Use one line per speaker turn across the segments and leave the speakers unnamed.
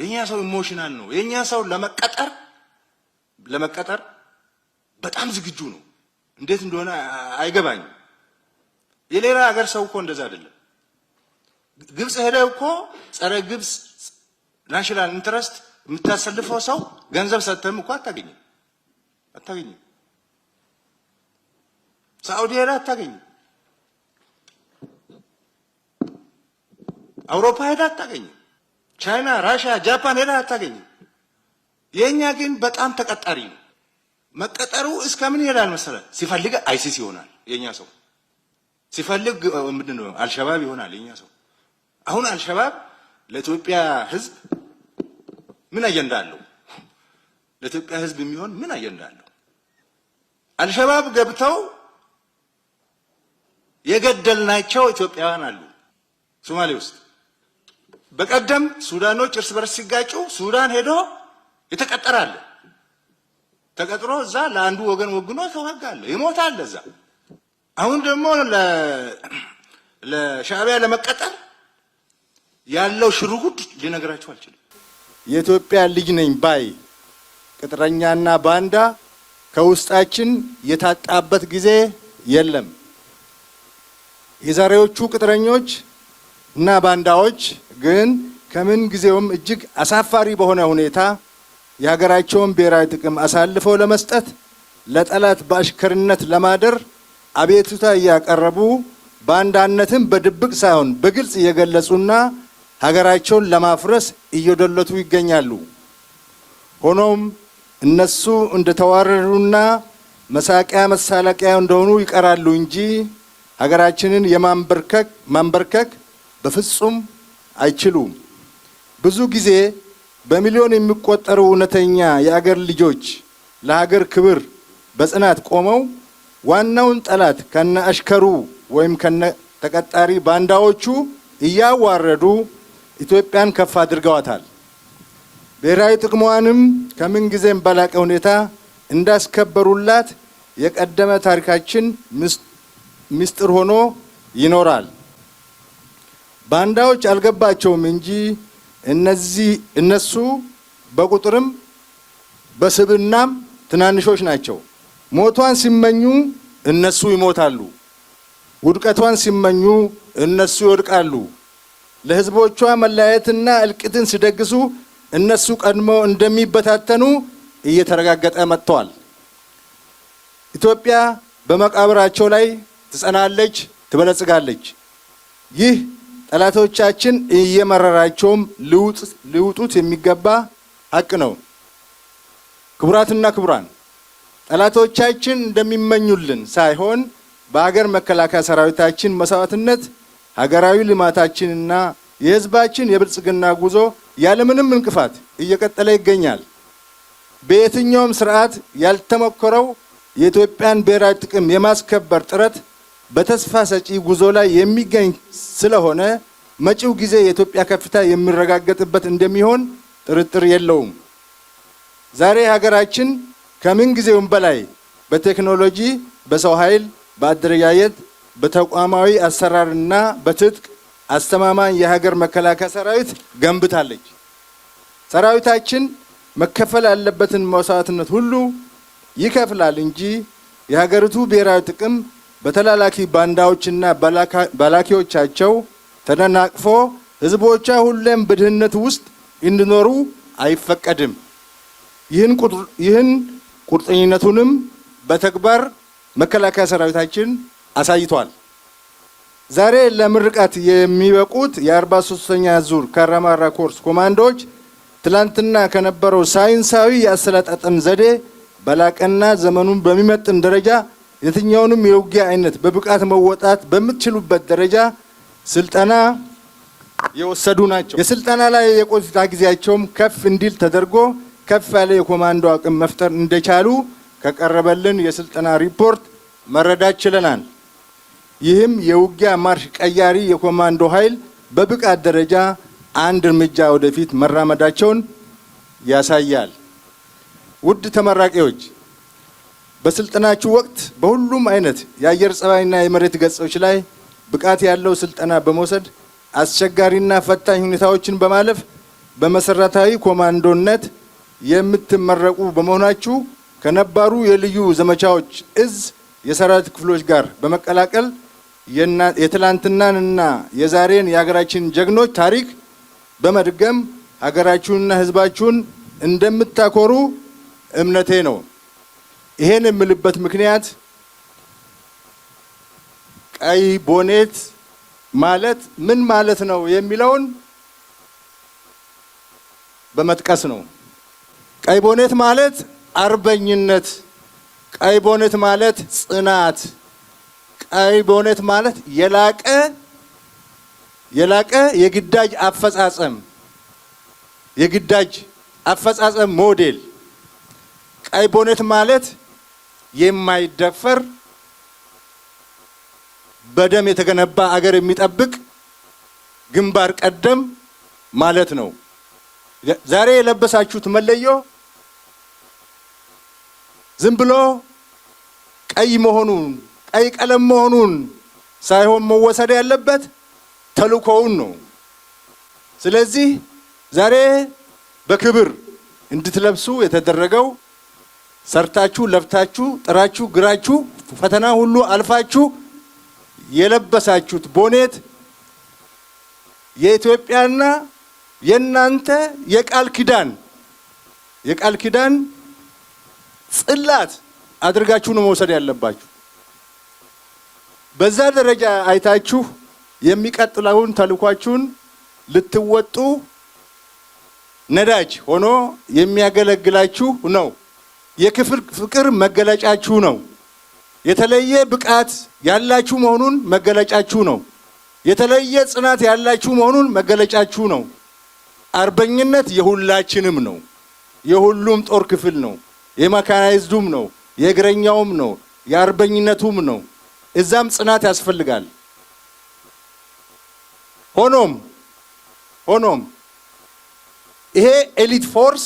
የኛ ሰው ኢሞሽናል ነው። የኛ ሰው ለመቀጠር ለመቀጠር በጣም ዝግጁ ነው። እንዴት እንደሆነ አይገባኝም። የሌላ ሀገር ሰው እኮ እንደዛ አይደለም። ግብጽ ሄደ እኮ ጸረ ግብጽ ናሽናል ኢንትረስት የምታሰልፈው ሰው ገንዘብ ሰጥተህም እኮ አታገኝም አታገኝም። ሳዑዲ ሄደ አታገኝም። አውሮፓ ሄደ አታገኝም። ቻይና፣ ራሽያ፣ ጃፓን ሄዳ አታገኝም። የእኛ ግን በጣም ተቀጣሪ ነው። መቀጠሩ እስከምን ይሄዳል መሰለ? ሲፈልግ አይሲስ ይሆናል የእኛ ሰው፣ ሲፈልግ ምንድን ነው አልሸባብ ይሆናል የእኛ ሰው። አሁን አልሸባብ ለኢትዮጵያ ሕዝብ ምን አጀንዳ አለው? ለኢትዮጵያ ሕዝብ የሚሆን ምን አጀንዳ አለው? አልሸባብ ገብተው የገደልናቸው ኢትዮጵያውያን አሉ ሶማሌ ውስጥ በቀደም ሱዳኖች እርስ በርስ ሲጋጩ ሱዳን ሄዶ የተቀጠራለ ተቀጥሮ እዛ ለአንዱ ወገን ወግኖ ተዋጋለ፣ ይሞታል እዛ። አሁን ደግሞ ለሻዕቢያ ለመቀጠር ያለው ሽሩጉድ ሊነግራቸው አልችልም።
የኢትዮጵያ ልጅ ነኝ ባይ ቅጥረኛና ባንዳ ከውስጣችን የታጣበት ጊዜ የለም። የዛሬዎቹ ቅጥረኞች እና ባንዳዎች ግን ከምን ጊዜውም እጅግ አሳፋሪ በሆነ ሁኔታ የሀገራቸውን ብሔራዊ ጥቅም አሳልፈው ለመስጠት ለጠላት በአሽከርነት ለማደር አቤቱታ እያቀረቡ ባንዳነትን በድብቅ ሳይሆን በግልጽ እየገለጹና ሀገራቸውን ለማፍረስ እየዶለቱ ይገኛሉ። ሆኖም እነሱ እንደተዋረዱና መሳቂያ መሳለቂያ እንደሆኑ ይቀራሉ እንጂ ሀገራችንን የማንበርከክ ማንበርከክ በፍጹም አይችሉም። ብዙ ጊዜ በሚሊዮን የሚቆጠሩ እውነተኛ የአገር ልጆች ለሀገር ክብር በጽናት ቆመው ዋናውን ጠላት ከነ አሽከሩ ወይም ከነ ተቀጣሪ ባንዳዎቹ እያዋረዱ ኢትዮጵያን ከፍ አድርገዋታል። ብሔራዊ ጥቅሟንም ከምንጊዜም በላቀ ሁኔታ እንዳስከበሩላት የቀደመ ታሪካችን ምስጢር ሆኖ ይኖራል። ባንዳዎች አልገባቸውም እንጂ እነዚህ እነሱ በቁጥርም በስብናም ትናንሾች ናቸው። ሞቷን ሲመኙ እነሱ ይሞታሉ፣ ውድቀቷን ሲመኙ እነሱ ይወድቃሉ። ለሕዝቦቿ መለያየትና እልቅትን ሲደግሱ እነሱ ቀድሞ እንደሚበታተኑ እየተረጋገጠ መጥተዋል። ኢትዮጵያ በመቃብራቸው ላይ ትጸናለች፣ ትበለጽጋለች። ይህ ጠላቶቻችን እየመረራቸውም ሊውጡት የሚገባ ሀቅ ነው። ክቡራትና ክቡራን ጠላቶቻችን እንደሚመኙልን ሳይሆን በሀገር መከላከያ ሰራዊታችን መስዋዕትነት ሀገራዊ ልማታችንና የህዝባችን የብልጽግና ጉዞ ያለምንም እንቅፋት እየቀጠለ ይገኛል። በየትኛውም ስርዓት ያልተሞከረው የኢትዮጵያን ብሔራዊ ጥቅም የማስከበር ጥረት በተስፋ ሰጪ ጉዞ ላይ የሚገኝ ስለሆነ መጪው ጊዜ የኢትዮጵያ ከፍታ የሚረጋገጥበት እንደሚሆን ጥርጥር የለውም። ዛሬ ሀገራችን ከምን ጊዜውም በላይ በቴክኖሎጂ፣ በሰው ኃይል፣ በአደረጃጀት፣ በተቋማዊ አሰራርና በትጥቅ አስተማማኝ የሀገር መከላከያ ሰራዊት ገንብታለች። ሰራዊታችን መከፈል ያለበትን መስዋዕትነት ሁሉ ይከፍላል እንጂ የሀገሪቱ ብሔራዊ ጥቅም በተላላኪ ባንዳዎችና በላኪዎቻቸው ተደናቅፎ ህዝቦቿ ሁሌም በድህነት ውስጥ እንዲኖሩ አይፈቀድም። ይህን ቁርጠኝነቱንም በተግባር መከላከያ ሰራዊታችን አሳይቷል። ዛሬ ለምርቃት የሚበቁት የ43ኛ ዙር ካራማራ ኮርስ ኮማንዶዎች ትላንትና ከነበረው ሳይንሳዊ የአሰለጣጠን ዘዴ በላቀና ዘመኑን በሚመጥን ደረጃ የትኛውንም የውጊያ አይነት በብቃት መወጣት በምትችሉበት ደረጃ ስልጠና የወሰዱ ናቸው። የስልጠና ላይ የቆይታ ጊዜያቸውም ከፍ እንዲል ተደርጎ ከፍ ያለ የኮማንዶ አቅም መፍጠር እንደቻሉ ከቀረበልን የስልጠና ሪፖርት መረዳት ችለናል። ይህም የውጊያ ማርሽ ቀያሪ የኮማንዶ ኃይል በብቃት ደረጃ አንድ እርምጃ ወደፊት መራመዳቸውን ያሳያል። ውድ ተመራቂዎች በስልጠናችሁ ወቅት በሁሉም አይነት የአየር ጸባይና የመሬት ገጾች ላይ ብቃት ያለው ስልጠና በመውሰድ አስቸጋሪና ፈታኝ ሁኔታዎችን በማለፍ በመሰረታዊ ኮማንዶነት የምትመረቁ በመሆናችሁ ከነባሩ የልዩ ዘመቻዎች እዝ የሰራዊት ክፍሎች ጋር በመቀላቀል የትላንትናንና የዛሬን የሀገራችን ጀግኖች ታሪክ በመድገም ሀገራችሁንና ሕዝባችሁን እንደምታኮሩ እምነቴ ነው። ይሄን የምልበት ምክንያት ቀይ ቦኔት ማለት ምን ማለት ነው የሚለውን በመጥቀስ ነው። ቀይ ቦኔት ማለት አርበኝነት፣ ቀይ ቦኔት ማለት ጽናት፣ ቀይ ቦኔት ማለት የላቀ የላቀ የግዳጅ አፈጻጸም የግዳጅ አፈጻጸም ሞዴል ቀይ ቦኔት ማለት የማይደፈር በደም የተገነባ አገር የሚጠብቅ ግንባር ቀደም ማለት ነው። ዛሬ የለበሳችሁት መለዮ ዝም ብሎ ቀይ መሆኑን ቀይ ቀለም መሆኑን ሳይሆን መወሰድ ያለበት ተልእኮውን ነው። ስለዚህ ዛሬ በክብር እንድትለብሱ የተደረገው ሰርታችሁ ለፍታችሁ ጥራችሁ ግራችሁ ፈተና ሁሉ አልፋችሁ የለበሳችሁት ቦኔት የኢትዮጵያና የእናንተ የቃል ኪዳን የቃል ኪዳን ጽላት አድርጋችሁ ነው መውሰድ ያለባችሁ። በዛ ደረጃ አይታችሁ የሚቀጥለውን ተልኳችሁን ልትወጡ ነዳጅ ሆኖ የሚያገለግላችሁ ነው። የክፍል ፍቅር መገለጫችሁ ነው። የተለየ ብቃት ያላችሁ መሆኑን መገለጫችሁ ነው። የተለየ ጽናት ያላችሁ መሆኑን መገለጫችሁ ነው። አርበኝነት የሁላችንም ነው። የሁሉም ጦር ክፍል ነው። የመካናይዝዱም ነው፣ የእግረኛውም ነው፣ የአርበኝነቱም ነው። እዛም ጽናት ያስፈልጋል። ሆኖም ሆኖም ይሄ ኤሊት ፎርስ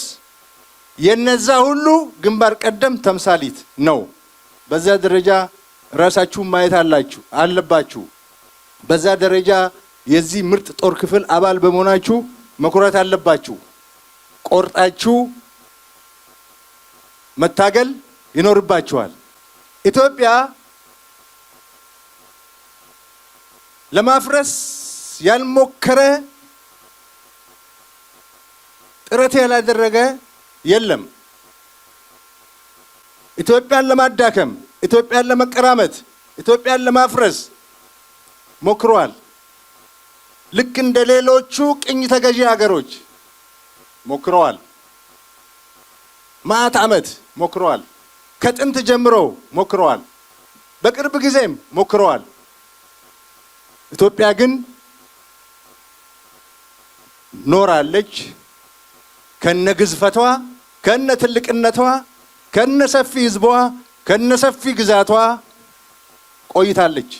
የነዛ ሁሉ ግንባር ቀደም ተምሳሊት ነው። በዛ ደረጃ ራሳችሁን ማየት አላችሁ አለባችሁ። በዛ ደረጃ የዚህ ምርጥ ጦር ክፍል አባል በመሆናችሁ መኩራት አለባችሁ። ቆርጣችሁ መታገል ይኖርባችኋል። ኢትዮጵያ ለማፍረስ ያልሞከረ ጥረት ያላደረገ የለም። ኢትዮጵያን ለማዳከም፣ ኢትዮጵያን ለመቀራመት፣ ኢትዮጵያን ለማፍረስ ሞክሯል። ልክ እንደ ሌሎቹ ቅኝ ተገዢ ሀገሮች ሞክረዋል። ማት ዓመት ሞክረዋል። ከጥንት ጀምሮ ሞክረዋል። በቅርብ ጊዜም ሞክረዋል። ኢትዮጵያ ግን ኖራለች። ከነ ግዝፈቷ፣ ከነ ትልቅነቷ፣ ከነ ሰፊ ህዝቧ፣ ከነ ሰፊ ግዛቷ ቆይታለች።